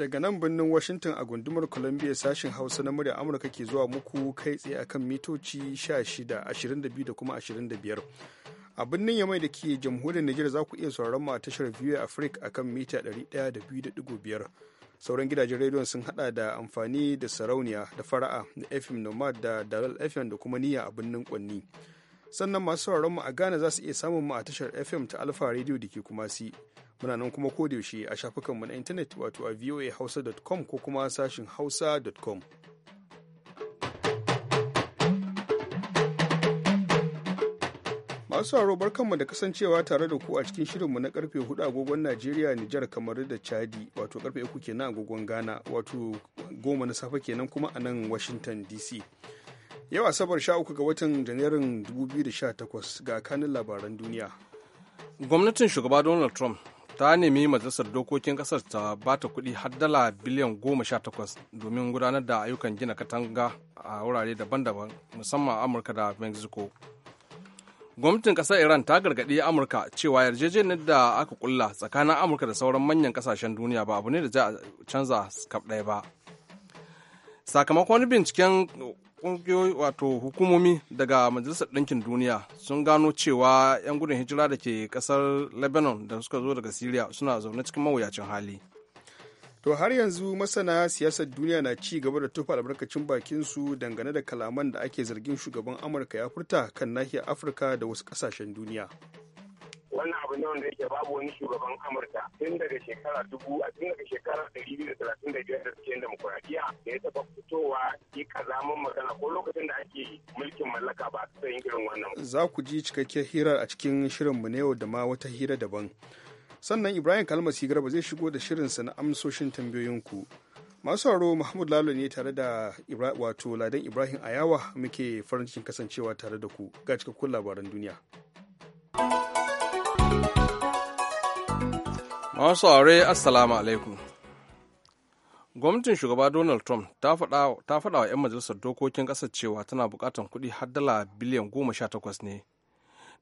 daga nan birnin Washington a gundumar Columbia sashen Hausa na murya Amurka ke zuwa muku kai tsaye akan mitoci 16, 22 da kuma 25. A birnin Yamai da ke jamhuriyar Nijar za ku iya sauraron mu a tashar VOA Africa akan mita 102.5. Sauran gidajen rediyon sun hada da amfani da sarauniya da fara'a da FM Nomad da Dalal FM da kuma niyya a birnin Kwanni. sannan masu sauraron mu a Ghana za su iya samun mu a tashar FM ta Alfa Radio da ke kuma si. Muna nan kuma ko yaushe a shafukan mu na intanet wato a voahausa.com ko kuma sashin hausa.com. Masu sauraro mu da kasancewa tare da ku a cikin shirinmu na karfe 4 agogon Najeriya, Nijar, kamar da Chadi, wato karfe 3 kenan agogon Ghana, wato goma na safe kenan kuma a nan Washington DC. Yau Asabar uku ga watan Janairun 2018 ga kanin labaran duniya. Gwamnatin shugaba Donald Trump ta nemi majalisar dokokin kasar ta ba ta kuɗi har dala biliyan goma sha takwas domin gudanar da ayyukan gina katanga a wurare daban-daban musamman amurka da mexico gwamnatin ƙasar iran ta gargaɗi amurka cewa yarjejeniyar da aka ƙulla tsakanin amurka da sauran manyan ƙasashen duniya ba abu ne da za a canza kaf ɗaya ba sakamakon wani binciken kungiyoyi wato hukumomi daga majalisar ɗinkin duniya sun gano cewa 'yan gudun hijira da ke kasar lebanon da suka zo daga syria suna zaune cikin mawuyacin hali to har yanzu masana siyasar duniya na ci gaba da tufa albarkacin bakin su dangane da kalaman da ake zargin shugaban amurka ya furta kan nahiyar afirka da wasu kasashen duniya wannan abu ne wanda yake babu wani shugaban amurka a tun daga shekara lokacin da biyar da demokuraɗiyya da ya taɓa fitowa yi kazamin magana ko lokacin da ake mulkin mallaka ba su yin irin wannan. Za ku ji cikakkiyar hirar a cikin shirinmu na yau da ma wata hira daban. Sannan Ibrahim Kalmasi Garba zai shigo da shirinsa na amsoshin tambayoyinku. Masu sauraro Mahmud Lalo ne tare da wato Ladan Ibrahim Ayawa muke farin cikin kasancewa tare da ku ga cikakkun labaran duniya. Masu aure Assalamu alaikum. gwamnatin shugaba donald trump ta faɗa wa 'yan majalisar dokokin ƙasar cewa tana buƙatar kuɗi har dala biliyan goma sha takwas ne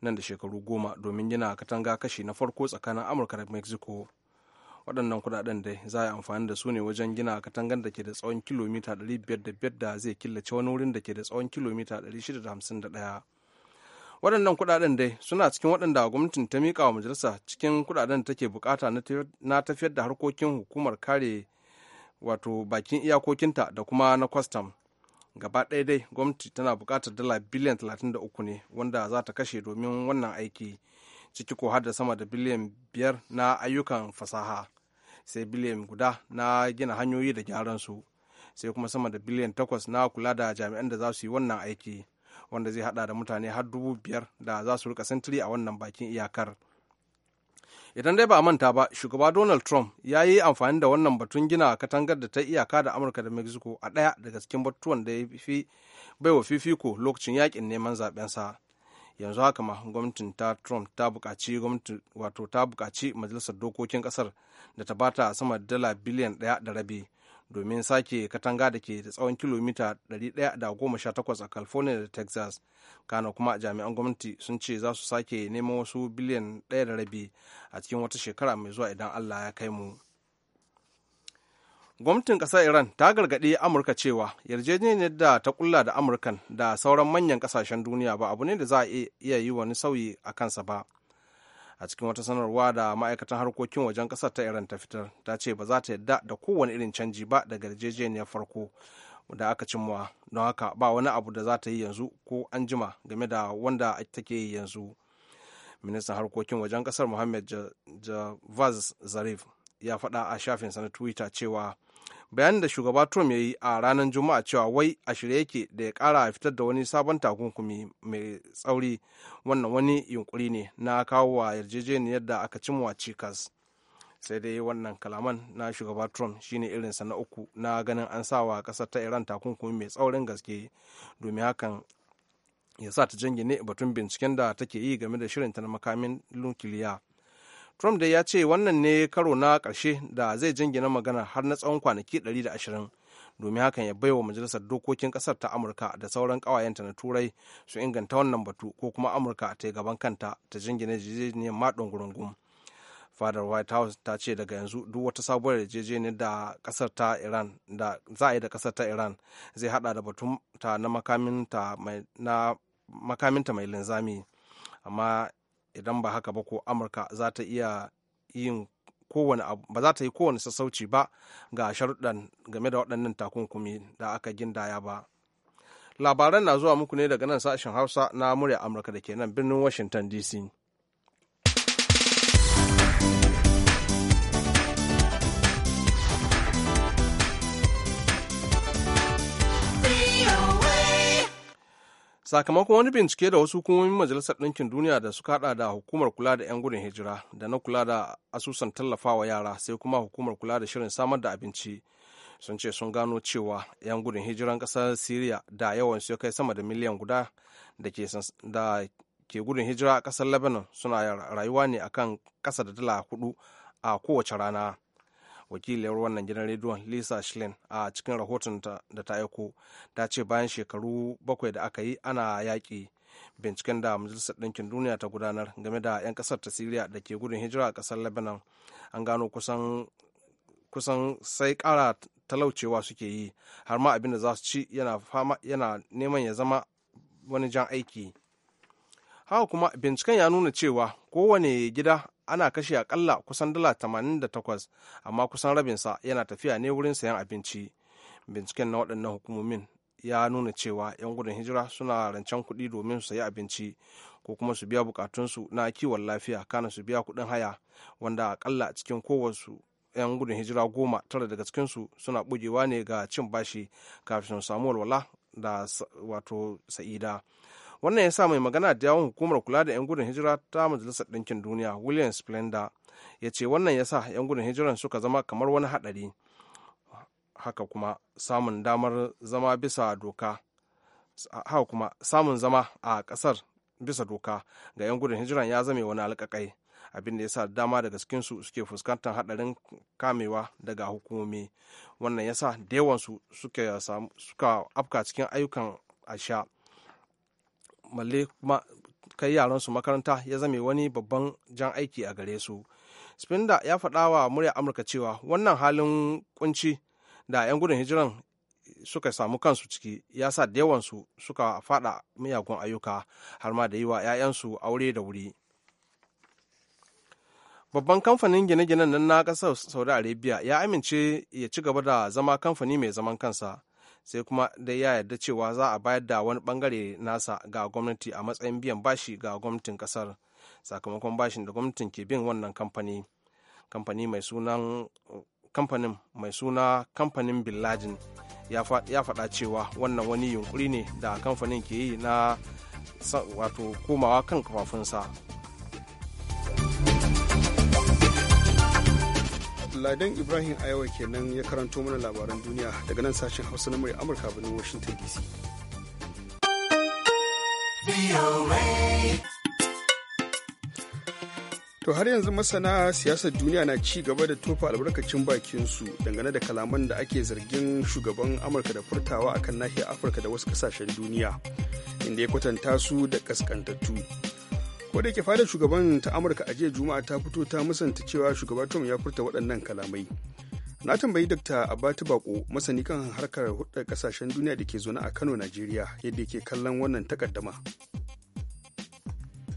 nan da shekaru goma domin gina katanga kashi na farko tsakanin amurka da mexico waɗannan kuɗaɗen dai za a amfani da su ne wajen gina katangar da ke da tsawon kilomita 500 da zai killace wani wurin da ke da tsawon kilomita 651 waɗannan kuɗaɗen dai suna cikin waɗanda gwamnatin ta miƙa wa majalisa cikin kuɗaɗen da take bukata na tafiyar da harkokin hukumar kare wato bakin iyakokinta da kuma na kwastam gaba ɗaya dai gwamnati tana buƙatar dala biliyan 33 ne wanda za ta kashe domin wannan aiki ciki ko har da sama da biliyan 5 na ayyukan fasaha sai biliyan guda na gina hanyoyi da gyaran su sai kuma sama da biliyan 8 na kula da jami'an da za su yi wannan aiki wanda zai hada da mutane har dubu biyar da za su rika sentiri a wannan bakin iyakar idan dai ba a manta ba shugaba donald trump ya yi amfani da wannan batun gina katangar da ta iyaka da amurka da mexico a ɗaya daga cikin batutuwan da ya fi baiwa fifiko lokacin yakin neman zaɓensa yanzu haka ma gwamnatin ta trump ta buƙaci gwamnati wato ta buƙaci majalisar dokokin ƙasar da ta bata sama da dala biliyan ɗaya da rabi domin sake katanga da ke tsawon kilomita 118 a california da texas kana kuma jami'an gwamnati sun ce za su sake neman wasu biliyan ɗaya da rabi a cikin wata shekara mai zuwa idan allah ya kai mu gwamnatin ƙasar iran ta gargaɗi amurka cewa yarjejeniyar da ta kulla da amurkan da sauran manyan ƙasashen duniya ba abu ne da za a iya yi wani sauyi a kansa ba a cikin wata sanarwa da ma'aikatan harkokin wajen kasar ta iran ta fitar ta ce ba za ta yadda da kowane irin canji ba da yarjejeniyar farko da aka cimma don haka ba wani abu da za ta yi yanzu ko an jima game da wanda take yi yanzu ministan harkokin wajen kasar muhammad javaz zarif ya faɗa a shafinsa na twitter cewa bayanin da shugaba trump ya yi a ranar juma'a cewa wai a shirye yake da ya kara a fitar da wani sabon takunkumi mai tsauri wannan wani yunkuri ne na kawo wa yarjejeniyar da aka a cikas sai dai wannan kalaman na shugaba trump shine irinsa na uku na ganin an sawa kasar ta iran takunkumi mai tsaurin gaske domin hakan ya sa ta jingine batun binciken da take yi game da shirin ta na makamin nukiliya Trump dai ya ce wannan ne karo na ƙarshe da zai jingina magana har na tsawon kwanaki 120 domin hakan ya baiwa majalisar dokokin kasar ta Amurka da sauran ƙawayenta na Turai su inganta wannan batu ko kuma Amurka ta yi gaban kanta ta jingina jijiyar maɗin gurungun. Fadar White House ta ce daga yanzu duk wata sabuwar yarjejeniyar da kasar ta Iran da za a yi da ƙasar ta Iran zai hada da batun ta makaminta mai na makaminta mai linzami. amma idan ba haka ba ko amurka za ta iya yin kowane ba za ta yi kowane sassauci ba ga sharuɗan game da waɗannan takunkumi da aka gindaya ba labaran na zuwa muku ne daga nan sashen hausa na murya amurka da ke nan birnin washington dc sakamakon wani bincike da wasu hukumomin majalisar ɗinkin duniya da suka hada da hukumar kula da 'yan gudun hijira da na kula da asusun tallafawa yara sai kuma hukumar kula da shirin samar da abinci sun ce sun gano cewa 'yan gudun hijiran ƙasar syria da yawan su kai sama da miliyan guda da ke gudun hijira a ƙasar lebanon suna rayuwa ne akan ƙasa da dala hudu a kowace rana wakiliyar wannan gidan rediyon lisa schlein a cikin rahoton da ta aiko ta ce bayan shekaru bakwai da aka yi ana yaƙi binciken da majalisar ɗinkin duniya ta gudanar game da 'yan ƙasar ta siriya da ke gudun hijira a ƙasar lebanon an gano kusan kusan sai ƙara talaucewa suke yi har ma abin da za su ci yana neman ya zama wani jan aiki haka kuma binciken ya nuna cewa kowane gida ana kashe akalla kusan dala 88 amma kusan rabinsa yana tafiya ne wurin sayan abinci binciken na waɗannan hukumomin ya nuna cewa 'yan gudun hijira suna rancen kuɗi domin su sayi abinci ko kuma su biya bukatunsu na kiwon lafiya kana su biya kuɗin haya wanda akalla cikin kowarsu 'yan gudun hijira goma tara daga cikinsu suna bugewa ne ga cin bashi kafin su samu walwala da wato sa'ida wannan ya sa mai magana da yawon hukumar kula da 'yan gudun hijira ta majalisar ɗinkin duniya william splenda ya ce wannan ya sa 'yan gudun hijiran suka zama kamar wani haɗari haka kuma samun damar zama bisa doka haka kuma samun zama a ƙasar bisa doka ga 'yan gudun hijiran ya zame wani alƙaƙai abin da ya sa dama daga cikinsu suke fuskantar haɗarin kamewa daga hukumomi wannan ya sa da yawansu suka afka cikin ayyukan asha malle kuma kai yaran su makaranta ya zame wani babban jan aiki a gare su spinda ya faɗa wa murya amurka cewa wannan halin kunci da 'yan gudun hijiran suka samu kansu ciki ya sa da yawansu suka faɗa miyagun ayyuka har ma da yi wa 'ya'yansu aure da wuri babban kamfanin gine-ginen na na ƙasar saudi arabia ya amince ya ci gaba da zama kamfani mai zaman kansa sai kuma dai ya yarda cewa za a bayar da wani bangare nasa ga gwamnati a matsayin biyan bashi ga gwamnatin kasar sakamakon bashin da gwamnatin ke bin wannan kamfani kamfani mai sunan kamfanin mai suna kamfanin billajin ya faɗa cewa wannan wani yunkuri ne da kamfanin ke yi na wato komawa kan kafafunsa Ladan Ibrahim ayawa kenan ya karanto mana labaran duniya daga nan sashen Hausa na mai Amurka birnin Washington DC. To har yanzu masana siyasar duniya na ci gaba da tofa albarkacin su dangane da kalaman da ake zargin shugaban Amurka da furtawa akan nahiyar Afirka da wasu kasashen duniya, inda ya kwatanta su da kaskantattu. ko da yake fadar shugaban ta amurka a jiya juma'a ta fito ta musanta cewa shugaban tom ya furta waɗannan kalamai na tambayi dr abati bako masani kan harkar hudar kasashen duniya da ke zaune a kano najeriya yadda yake kallon wannan takaddama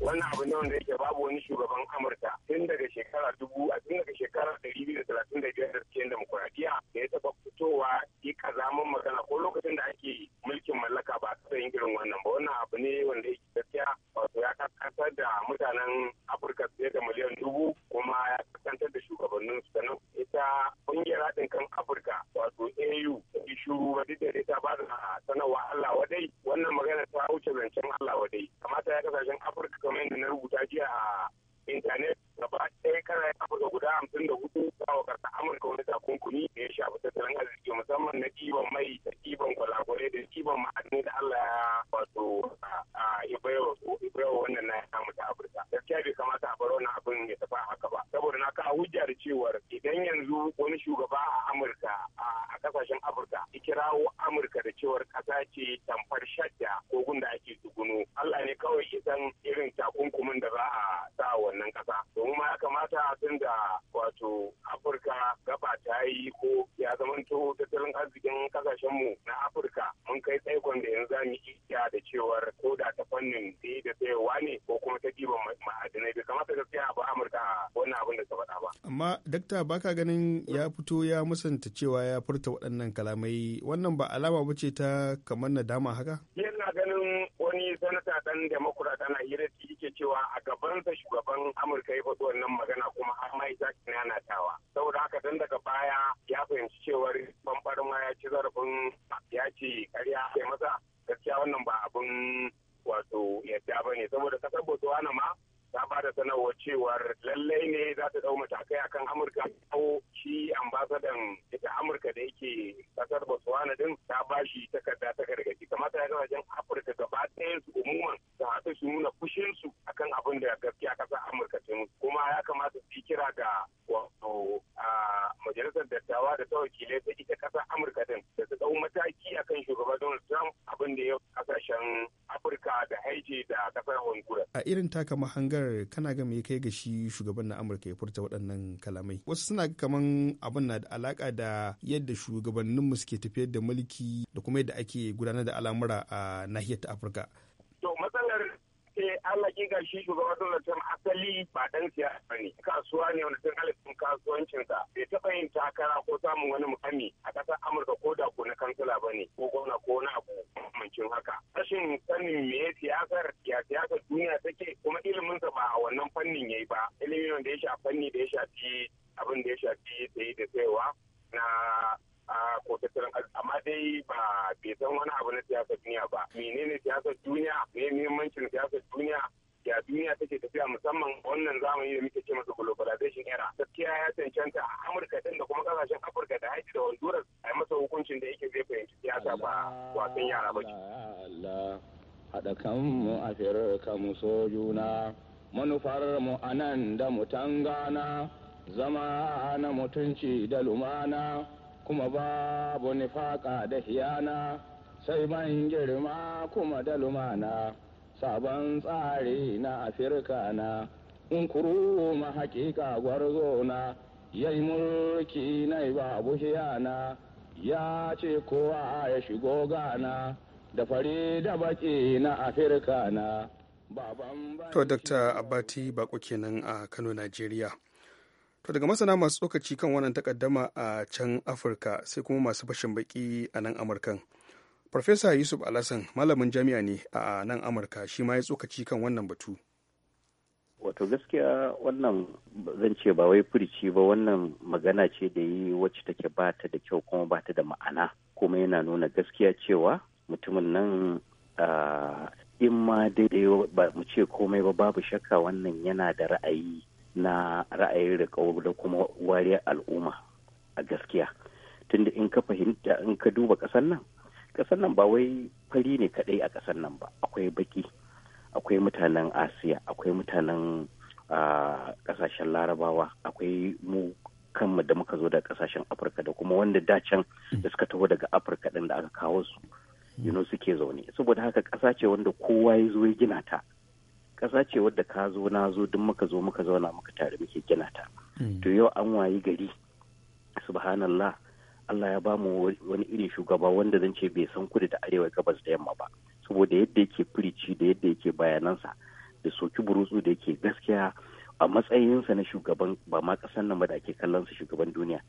wannan abu ne wanda yake babu wani shugaban amurka tun daga shekara dubu a tun daga shekara ɗari biyu da talatin da biyar da cikin demokuraɗiyya da ya taɓa fitowa yi kazamin magana ko lokacin da ake mulkin mallaka ba a yin irin wannan ba wannan abu ne wanda yake gaskiya wato ya kaskantar da mutanen afirka fiye da miliyan dubu kuma ya kaskantar da shugabannin su sannan ita ƙungiyar haɗin kan afirka wato au ta shuru ba duk da ta ba da sanarwa allah wadai wannan magana ta wuce zancen allah wadai kamata ya kasashen afirka wannan abin da ka faɗa ba. Amma dakta baka ganin ya fito ya musanta cewa ya furta waɗannan kalamai wannan ba alama ba ce ta kamar nadama haka? Yana ganin wani sanata ɗan demokura tana hira yake cewa a gabansa shugaban Amurka ya faɗi wannan magana kuma har ma na tawa Saboda haka dan daga baya ya fahimci cewar bambarin ma ya ci zarafin ya ce karya ya masa gaskiya wannan ba abin wato yadda ba ne saboda kasar Botswana ma ba da sanarwar cewar lallai ne za ta dau matakai akan amurka ko shi ambasadan ita amurka da yake kasar botswana din ta bashi takarda ta gargaɗi kamata ya wajen afirka gaba ɗaya su umuman su haɗu su nuna su akan abin da gaskiya kasar amurka ta kuma ya kamata su kira ga wato majalisar dattawa da ta wakilai ta ita kasar amurka din da su dau mataki akan shugaban donald trump abin da ya kasashen amurka da haike da kasar hong a irin taka mahangar kana ga me kai ga shi shugaban na amurka ya furta waɗannan kalamai wasu suna kaman abin na da alaka da yadda shugabannin mu suke tafiyar da mulki da kuma yadda ake gudanar da al'amura a nahiyar ta afirka to hakika shi shugaban Donald asali ba dan siyasa ne. kasuwa ne wanda tun halittun kasuwancinsa bai taɓa yin takara ko samun wani mukami a kasar Amurka ko da ko na kansila bane ko gwamna ko na abu mamancin haka rashin sanin me siyasar ya siyasa duniya take kuma sa ba a wannan fannin ya yi ba ilimin da ya shafi fanni da ya shafi abin da ya shafi saye da saiwa na ko tattalin arziki amma dai ba bai san wani abu na siyasar duniya ba menene siyasar duniya me muhimmancin siyasar duniya ya duniya take tafiya musamman wannan zamani da muke ce masa globalization era gaskiya ya cancanta a amurka din da kuma kasashen afirka da haiti da honduras a yi masa hukuncin da yake zai fahimci siyasa ba wasan yara ba haɗa kanmu a firarka mu so juna manufar mu nan da mu tangana zama na mutunci da lumana kuma babu nifaka da hiyana sai ban girma kuma da lumana sabon tsari na afirka na kuru ma hakika gwarzo na ya yi mulki na babu hiyana ya ce kowa ya shigo gana da fari da baki na afirka na To, Dr. Abati Bako kenan a Kano, Najeriya. to daga masana masu tsokaci kan wannan takaddama a can afirka sai kuma masu fashin baki a nan amurkan farfesa yusuf alasan malamin jami'a ne a nan amurka shi ma ya tsokaci kan wannan batu wato gaskiya wannan zan ce ba wai furici ba wannan magana ce da yi wacce take ba ta da kyau kuma bata da ma'ana kuma yana nuna gaskiya cewa mutumin nan in ma daidai ba mu ce komai ba babu shakka wannan yana da ra'ayi na ra'ayin riƙau da kuma wariyar al'umma a gaskiya tunda in ka fahimta in ka duba ƙasar nan ƙasar nan ba wai fari ne kaɗai a ƙasar nan ba akwai baki akwai mutanen asiya akwai mutanen ƙasashen larabawa akwai mu kanmu da muka zo daga ƙasashen afirka da kuma wanda dacen da suka taho daga afirka ɗin da aka kawo su you suke zaune saboda haka ƙasa ce wanda kowa ya zo ya gina ta ƙasa ce wadda ka zo na zo duk muka zo muka zauna muka tare muke gina ta hmm. to yau an wayi gari subhanallah Allah ya ba mu wani irin shugaba wanda zan ce bai san kudu da arewa gabas da yamma ba saboda yadda yake firici da yadda yake bayanansa da soki burutsu da yake gaskiya a matsayinsa na shugaban ba ma kasan nan ba da ake kallon sa shugaban duniya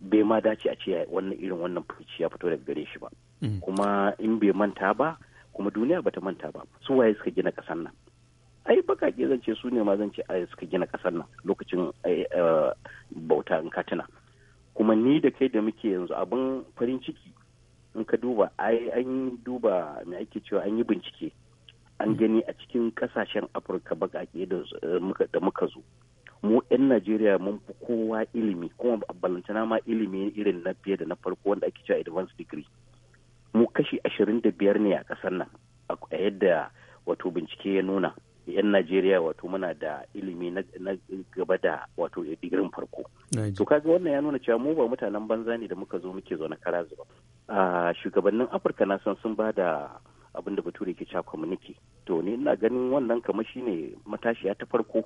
bai ma dace a ce wannan irin wannan firici ya fito daga gare shi ba hmm. kuma in bai manta ba kuma duniya bata manta ba su waye suka gina kasan nan ai bakaƙe zan ce su ne ma zan ce a suka gina kasar nan lokacin eh, eh, bauta in katina kuma ni da kai da muke yanzu abin farin ciki in ka duba ai an duba mai ake cewa an yi bincike an mm. gani a cikin kasashen afirka bakake eh, da muka zo mu 'yan najeriya mun fi kowa ilimi kuma balantana ma ilimi irin na fiye da na farko wanda ake cewa advanced degree mu kashi ashirin da biyar ne a kasar nan a yadda wato bincike ya nuna 'yan Najeriya wato muna da ilimi na gaba da wato digirin farko. To kaga wannan ya nuna cewa mu ba mutanen banza ne da muka zo muke zo na kara zuba. Shugabannin Afirka na san sun ba da abin da bature ke cewa kwamuniki To ni ina ganin wannan kamar shine matashiya ta farko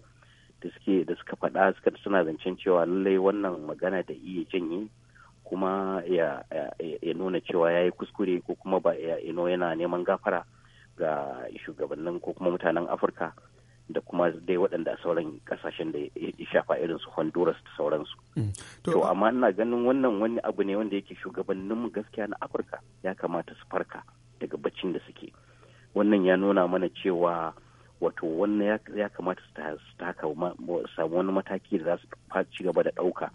da suke da suka faɗa suka suna zancen cewa lallai wannan magana da iya janye kuma ya nuna cewa ya yi kuskure ko kuma ba ya yana neman gafara. ga shugabannin ko kuma mutanen afirka da kuma dai waɗanda sauran kasashen da ya shafa irin su honduras da sauransu mm. to amma ina ganin wannan wani abu ne wanda yake shugabannin mu gaskiya na afirka ya kamata su farka daga baccin da suke wannan ya nuna mana cewa wato wannan ya kamata su taka samu wani mataki da za su ci gaba da ɗauka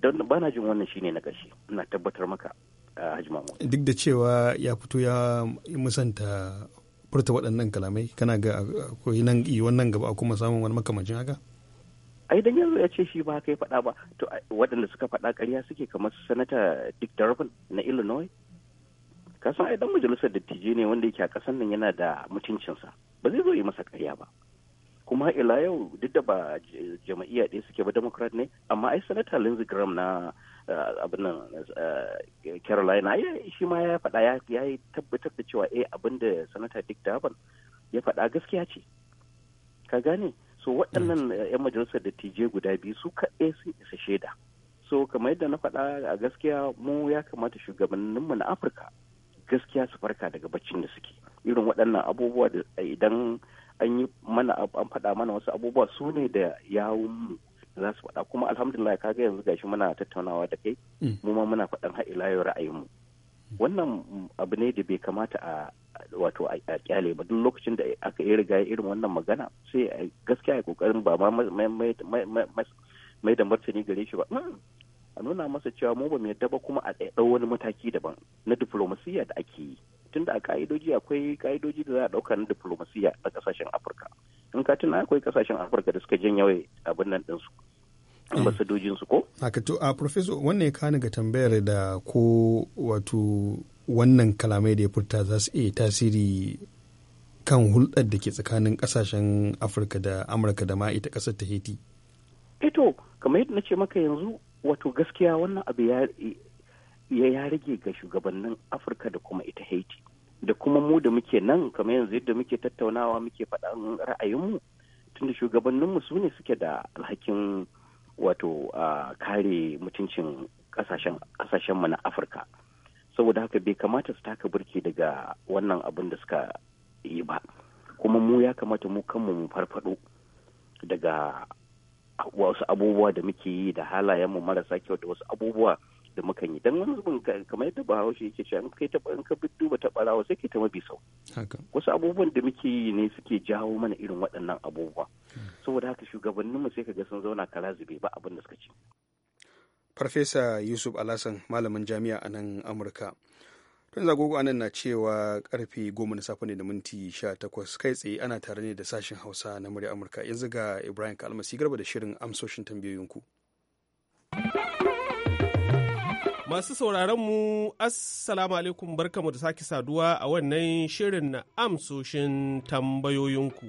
don ba jin wannan shine na ƙarshe ina tabbatar maka Haji Mamu. Duk da cewa ya fito ya musanta furta waɗannan kalamai kana ga akwai nan wannan gaba kuma samun wani makamancin haka? ai dan yanzu ya ce shi ba haka ya faɗa ba to waɗanda suka faɗa ƙarya suke kamar sanata Dick Durbin na Illinois kasan ai dan majalisar dattijai ne wanda yake a ƙasar nan yana da mutuncinsa ba zai zo yi masa ƙarya ba kuma ila yau duk da ba jama'iyya ɗaya suke ba democrat ne amma ai sanata lindsey graham na eh, abin nan eh, carolina shi ma ya faɗa ya yi tabbatar da cewa eh abin da senator dick daban ya faɗa gaskiya ce ka gane so waɗannan eh, 'yan majalisar dattijai guda biyu su kaɗai sun isa shaida so kamar yadda na faɗa a gaskiya mu ya kamata shugabanninmu na afirka gaskiya su farka daga baccin da suke irin waɗannan abubuwa da idan an yi mana an faɗa mana wasu abubuwa su ne da yawun mu za su faɗa kuma alhamdulillah kaga yanzu gashi muna tattaunawa da kai mm. mu ma muna faɗan ila yau mu. Mm. wannan abu ne da bai kamata a wato a kyale ba duk lokacin da aka yi riga irin wannan magana sai a gaskiya ya kokarin ba ma mai da martani gare shi ba mm. a nuna masa cewa mu ba mai yadda ba kuma a ɗau wani mataki daban na diflomasiyya da ake yi tunda a ka'idoji akwai ka'idoji da za a ɗauka na diplomasiya a kasashen afirka in ka tuna akwai kasashen afirka da suka janyawe abin nan ɗinsu mm. ambasadojinsu ko haka to a professor wannan ya kani ga tambayar da ko wato wannan kalamai da ya furta za su iya tasiri kan hulɗar da ke tsakanin ƙasashen afirka da amurka da ma ita ƙasar ta haiti eto eh kamar yadda na ce maka yanzu wato gaskiya wannan abu ya ya rage ga shugabannin afirka da kuma ita haiti da kuma mu da muke nan kamar yanzu yadda muke tattaunawa muke faɗan ra'ayinmu tunda shugabanninmu su ne suke da alhakin wato kare mutuncin kasashenmu na afirka saboda haka bai kamata su taka birki daga wannan abin da suka yi ba kuma mu ya kamata mu kanmu mu farfado daga wasu abubuwa da muke yi da halayenmu marasa kyau da wasu abubuwa da mukan yi don wani zubin kamar yadda bahaushe yake cewa in kai taɓa in ka duba ta barawa sai kai ta mabi sau wasu abubuwan da muke yi ne suke jawo mana irin waɗannan abubuwa saboda haka shugabannin mu sai ka ga sun zauna kara zube ba abin da suka ce farfesa yusuf alasan malamin jami'a a nan amurka tun zagogo a nan na cewa karfe goma na safe ne da minti sha takwas kai tsaye ana tare ne da sashen hausa na murya amurka yanzu ga ibrahim kalmasi garba da shirin amsoshin tambayoyinku Masu sauraron mu Assalamu alaikum barkamu da sake saduwa a wannan shirin na amsoshin tambayoyinku.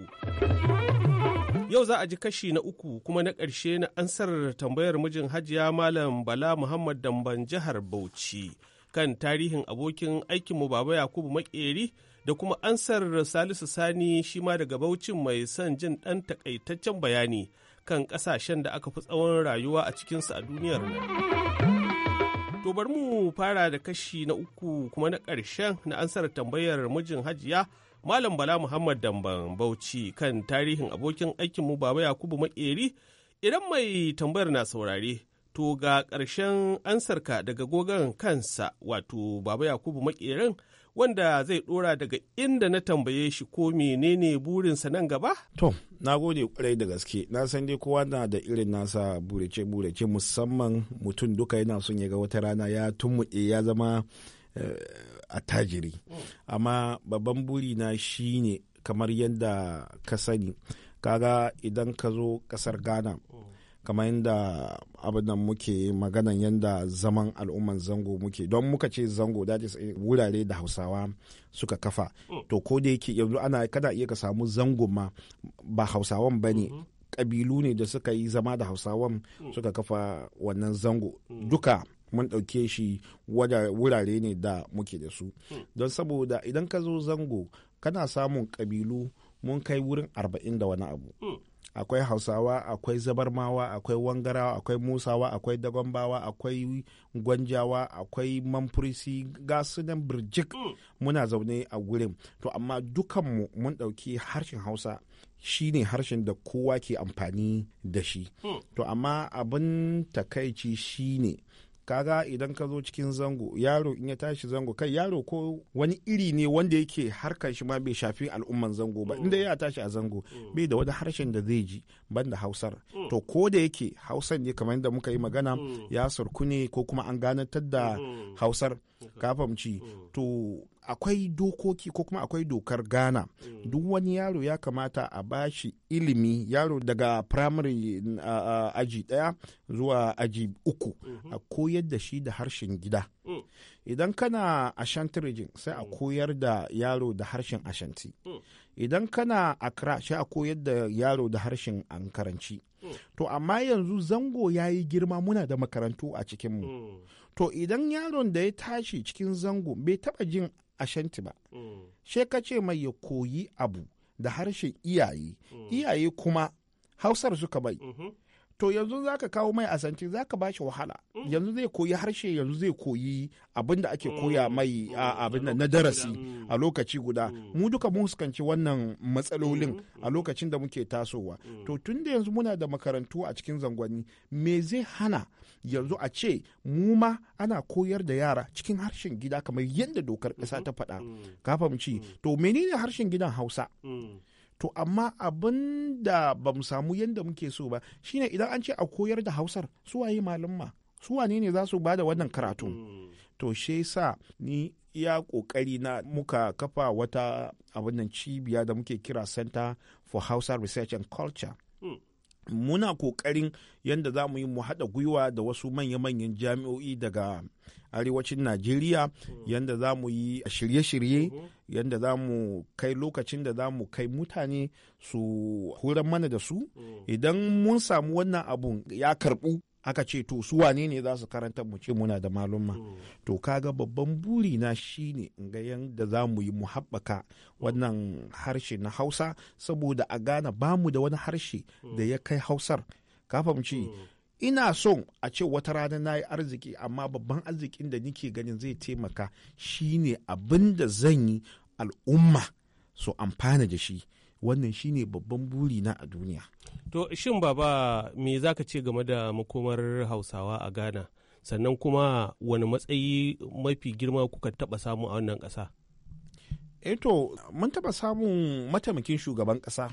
Yau za a ji kashi na uku kuma na ƙarshe na ansar tambayar mijin hajiya Malam Bala Muhammad Damban jihar Bauchi kan tarihin abokin aikinmu Baba Yakubu Makeri da kuma ansar Salisu Sani shi ma daga Baucin mai son jin ɗan takaitaccen bayani kan ƙasashen da aka fi tsawon rayuwa a cikinsu a duniyar nan. To bar mu fara da kashi na uku kuma na ƙarshen na ansar tambayar mijin hajiya Malam Bala Muhammad Damban Bauchi kan tarihin abokin aikinmu Baba Yakubu Makeri idan mai tambayar na saurare. To ga ƙarshen ansarka daga gogon kansa wato Baba Yakubu Makerin wanda zai dora daga inda na tambaye shi ko menene burinsa nan gaba? To, na gode kwarai da gaske, na san dai kowa na da irin nasa burace-burace musamman mutum duka yana son ya ga wata rana ya tumuɗe ya zama eh, a tajiri. Amma babban buri na shi ne kamar yadda ka sani, kaga idan ka zo ƙasar Ghana. kamar yadda abinan muke maganan yadda zaman al'umman zango muke don muka ce zango dace eh, ce wurare da hausawa suka kafa mm. to ko da yake yanzu ana kana iya ka samu zango ma ba hausawan ba ne kabilu mm-hmm. ne da suka yi zama da hausawan mm. suka kafa wannan zango mm. duka mun ɗauke shi wurare ne da muke da su don saboda idan ka zo zango kana samun kabilu mun kai wurin arba'in da wani abu akwai hausawa akwai zabarmawa akwai wangarawa akwai musawa akwai dagombawa akwai gwanjawa akwai manfurisi ga nan birjik mm. muna zaune a gurin to amma dukanmu mun ɗauki harshen hausa shi ne harshen da kowa ke amfani da shi mm. to amma abin takaici shi ne kaga idan ka zo cikin zango yaro in ya tashi zango kai yaro ko wani iri ne wanda yake harkar shi ma bai shafi al'umman zango ba inda ya tashi a zango bai da wani harshen da zai ji ban da hausar to ko da yake hausar ne kamar yadda muka yi magana ya sarku ne ko kuma an ganatar da hausar ka fahimci to akwai dokoki ko kuma akwai dokar ghana duk wani yaro ya kamata a bashi ilimi yaro daga primary aji daya zuwa aji uku a koyar da shi da harshen gida idan kana ashanti region sai a koyar da yaro da harshen ashanti idan kana accra sai a koyar da yaro da harshen ankaranci to amma yanzu zango ya yi girma muna da makarantu a cikinmu to idan yaron da ya tashi cikin zango bai taba jin ashanti ba she ka ce mai ya koyi abu da harshen iyaye iyaye kuma hausar suka bai to yanzu za ka kawo mai asanci za ka ba shi wahala mm. yanzu zai koyi harshe yanzu zai koyi abin da ake mm. koya mai mm. abin da na darasi a lokaci guda mu duka mun fuskanci wannan matsalolin a lokacin da muke tasowa to tun da yanzu muna da makarantu a cikin zangwani me zai hana yanzu a ce mu ma ana koyar da yara cikin harshen gida kamar yadda dokar ƙasa ta faɗa mu ci to menene harshen gidan hausa to amma abin da ba mu samu yadda muke so ba shine idan an ce a koyar da hausar su waye malumma su wane ne za su bada wannan karatu to she sa ni ya kokari na muka kafa wata abin nan cibiya da muke kira center for hausa research and culture hmm. muna kokarin yadda za mu yi mu haɗa gwiwa da wasu manya-manyan jami'o'i daga arewacin najeriya yadda za mu yi shirye-shirye yadda za mu kai lokacin da za mu kai mutane su horar mana da su idan mun samu wannan abun ya karɓu aka ce to su wane ne za su karanta mu ce muna da malumma to kaga babban buri na shine in ga yanda za mu yi mu haɓaka wannan harshe na hausa saboda a gana ba mu da wani harshe da ya kai hausar ka fahimci ina son a ce wata rana na yi arziki amma babban arzikin da nike ganin zai taimaka shine abin da zan yi al'umma su amfana da shi wannan shine babban buri na a duniya to shin baba me za ka ce game da makomar hausawa a ghana sannan kuma wani matsayi mafi girma kuka taba samu a wannan ƙasa eto eh mun taba samun mataimakin shugaban ƙasa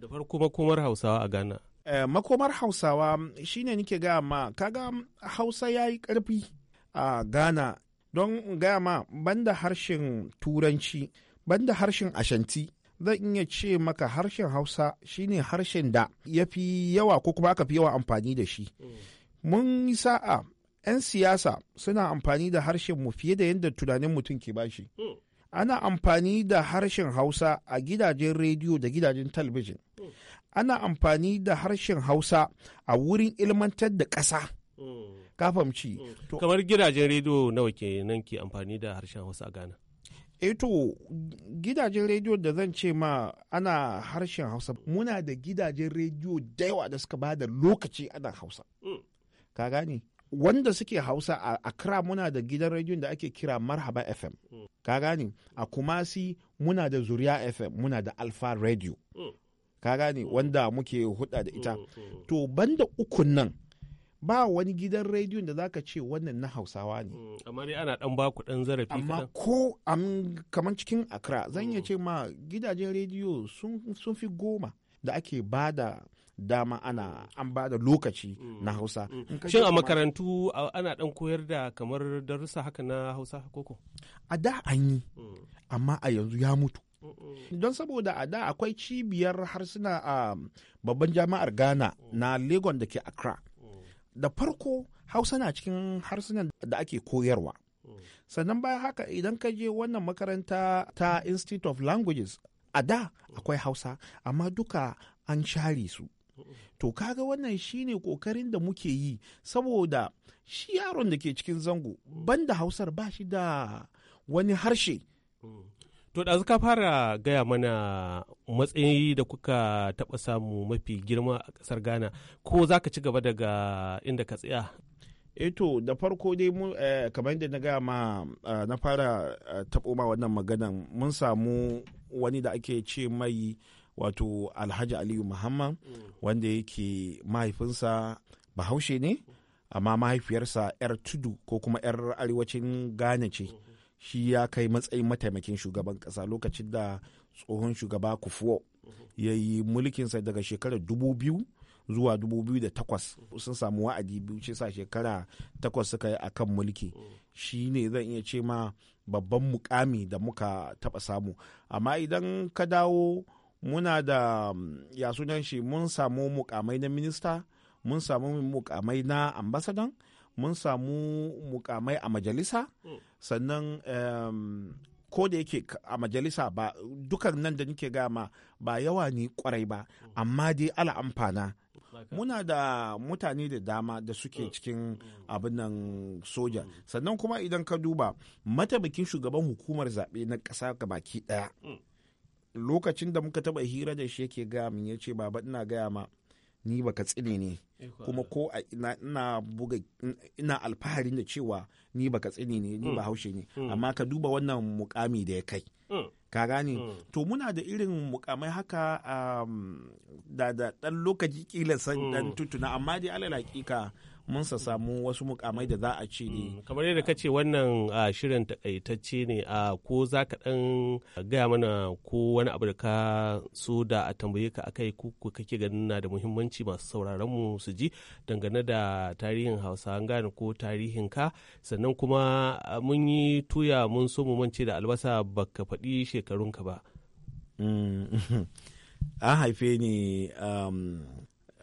da farko makomar hausawa a ghana e makomar hausawa shine nike gaya ma kaga hausa ya yi karfi a ghana don gaya ma banda harshen turanci banda harshen ashanti zan iya ce maka harshen hausa shine harshen da ya fi yawa ko kuma aka fi yawa amfani da shi mun yi sa'a 'yan siyasa suna amfani da harshen mu fiye da yadda tunanin mutum ke bashi ana amfani da harshen hausa a gidajen rediyo da gidajen talabijin ana amfani da harshen hausa a wurin ilmantar da ƙasa kafamci kamar gidajen rediyo nawa ke nan ke amfani da harshen hausa a ghana e to gidajen rediyo da zan ce ma ana harshen hausa muna da gidajen rediyo da yawa da suka ba da lokaci ana hausa mm. ka gani wanda suke hausa a kira muna da gidan rediyon da ake kira Marhaba FM. Mm. Ka gani a Kumasi muna da Zuriya FM muna da alfa Radio. Mm. Ka gani wanda muke huɗa da ita. To banda ukun nan ba wani gidan rediyon da zaka ce wannan na hausawa ne mm, amma ana dan baku dan zarafi amma ko kamar cikin akra zan iya mm. ce ma gidajen rediyo sun fi goma da ake bada dama ana an ba da lokaci mm, na hausa shin a makarantu ana dan koyar da kamar darussa haka na hausa koko a da an yi amma a yanzu ya mutu don saboda a da akwai cibiyar harsuna a babban jami'ar ghana na legon da ke accra da farko hausa na cikin harsunan da ake koyarwa sannan bayan haka idan ka je wannan makaranta ta institute of languages a da akwai hausa amma duka an share su to kaga wannan shine kokarin da muke yi saboda shi yaron da ke cikin zango banda hausar ba shi da wani harshe To ɗazu ka fara gaya mana matsayi da kuka taɓa samu mafi girma a ƙasar Ghana ko za ka ci gaba daga inda ka tsaya? Eto eh da farko dai mu eh, kamar yadda na gaya ma eh, na fara taɓo ma wannan magana mun samu wani da ake ce mai wato Alhaji Aliyu Muhammad mm. wanda yake mahaifinsa bahaushe ne amma mahaifiyarsa 'yar tudu ko kuma 'yar arewacin Ghana ce. Mm-hmm. shi ya kai matsayin mataimakin shugaban kasa lokacin da tsohon shugaba kufuwa ya yi mulkinsa daga shekarar dubu biyu zuwa 2008 sun samu wa'adi biyu ce sa shekara takwas suka yi a kan mulki shi ne zan iya ce ma babban mukami da muka taba samu amma idan ka dawo muna da mm, ya sunan shi mun samu mukamai na minista mun samu mukamai na ambasadan mun samu mukamai a majalisa sannan ko da yake a majalisa ba dukan nan da nake gama ba yawa ni kwarai ba amma dai ala amfana muna da mutane da dama da suke oh. cikin mm. abin nan soja mm. sannan kuma idan ka duba matabakin shugaban hukumar zaɓe na ƙasa baki ɗaya mm. lokacin da muka taɓa hira da shi yake gaya min ya ce baba ina gaya ma ni baka tsine ne kuma ko a ina buga ina alfaharin da cewa ni baka tsine ne ni hmm. ba haushe ne hmm. amma ka duba wannan mukami da ya kai hmm. ka gane to muna da irin mukamai haka um, da da dan lokaci kila san dan tutuna amma dai alalaki ka. mun sa samu wasu mukamai da za a ce ne. Mm, kamar yadda ka ce wannan ah, shirin takaitacce ne a ah, ko za ka ɗan gaya mana ko wani abu da ka so da a tambaye ka akai ko kake ganin na da muhimmanci masu sauraron mu su ji dangane da tarihin Hausa an gane ko tarihin ka sannan kuma ah, mun yi tuya mun so mu mance da albasa baka faɗi ka ba. Mm, an haife ni um,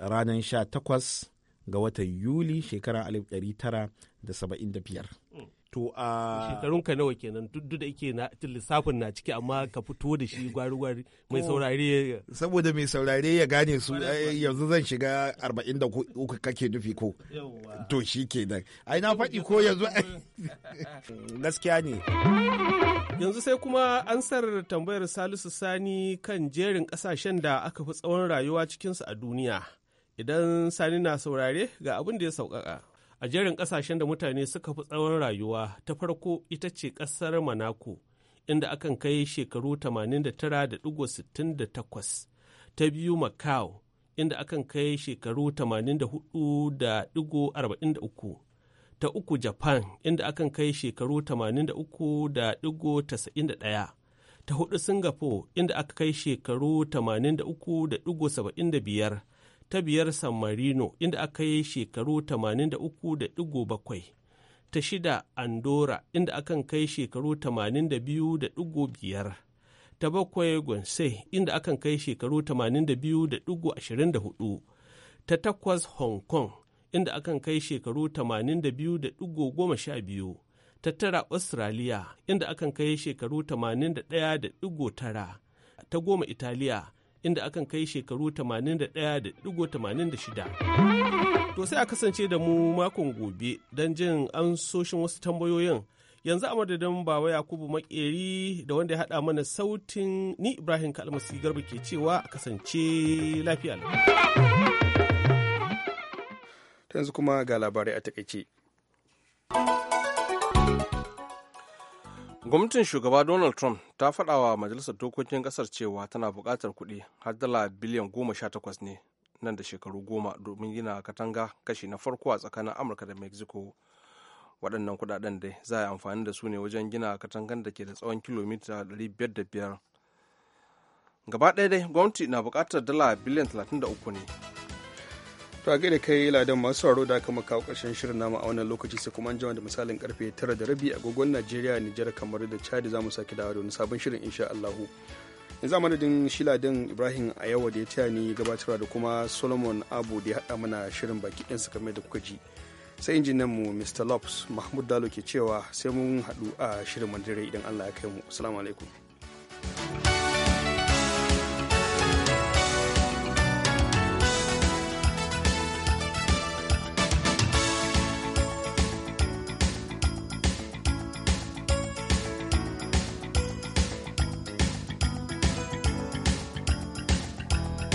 ranar sha takwas ga watan yuli shekara 1975 to a shekarun ka nawa kenan duk da yake na lissafin na ciki amma ka fito da shi gwari-gwari mai saurare saboda mai saurare ya gane su eh, yanzu zan shiga 43 kake nufi ko to shi kenan ai na faɗi ko yanzu gaskiya ne yanzu sai kuma ansar tambayar salisu sani kan jerin ƙasashen da aka fi tsawon rayuwa cikinsu a duniya Idan Sani na saurare ga abin da ya sauƙaƙa. A jerin ƙasashen da mutane suka fi tsawon rayuwa ta farko ita ce ƙasar manako inda akan kai shekaru 89.68. Ta biyu Macau, inda akan kai shekaru 84.43. Ta uku Japan, inda akan kai shekaru 83.91. ta hudu singapore inda aka kai shekaru 83.75 ta biyar San Marino inda aka yi shekaru 83.7 ta shida Andorra inda akan kai shekaru 82.5 ta bakwai Gwanse inda akan kai shekaru 82.24 ta takwas Hong Kong inda akan kai shekaru 82.12 ta tara Australia inda akan kai shekaru 81.9 ta goma Italiya inda akan kai shekaru 81.86. To sai a kasance da mu makon gobe don jin an soshin wasu tambayoyin. Yanzu a madadin Baba Yakubu Makeri da wanda ya haɗa mana sautin ni Ibrahim Kalmasi Garba ke cewa a kasance lafiya. Yanzu kuma ga labarai a takaice. gwamnatin shugaba donald trump ta faɗa wa majalisar dokokin kasar cewa tana buƙatar kuɗi har dala biliyan goma sha takwas ne nan da shekaru goma domin gina katanga kashi na farko a tsakanin amurka da mexico waɗannan kuɗaɗen dai za a yi amfani da su ne wajen gina katangan da ke da tsawon kilomita 505 gaba ɗaya dai gwamnati na buƙatar dala biliyan 33 ne to a gaida kai ladan masu sauraro da aka maka karshen shirin namu a wannan lokaci sai kuma an jima da misalin karfe 9 da rabi agogon Najeriya Nijar kamar da Chad zamu saki sake dawo da wani sabon shirin insha Allahu yanzu madadin shi ladan Ibrahim ayawa da ya taya ni gabatarwa da kuma Solomon Abu da ya hada mana shirin baki ɗin su kamar da kuka ji sai injinan mu Mr. Lopes Mahmud Dalo ke cewa sai mun hadu a shirin mandare idan Allah ya kai mu assalamu alaikum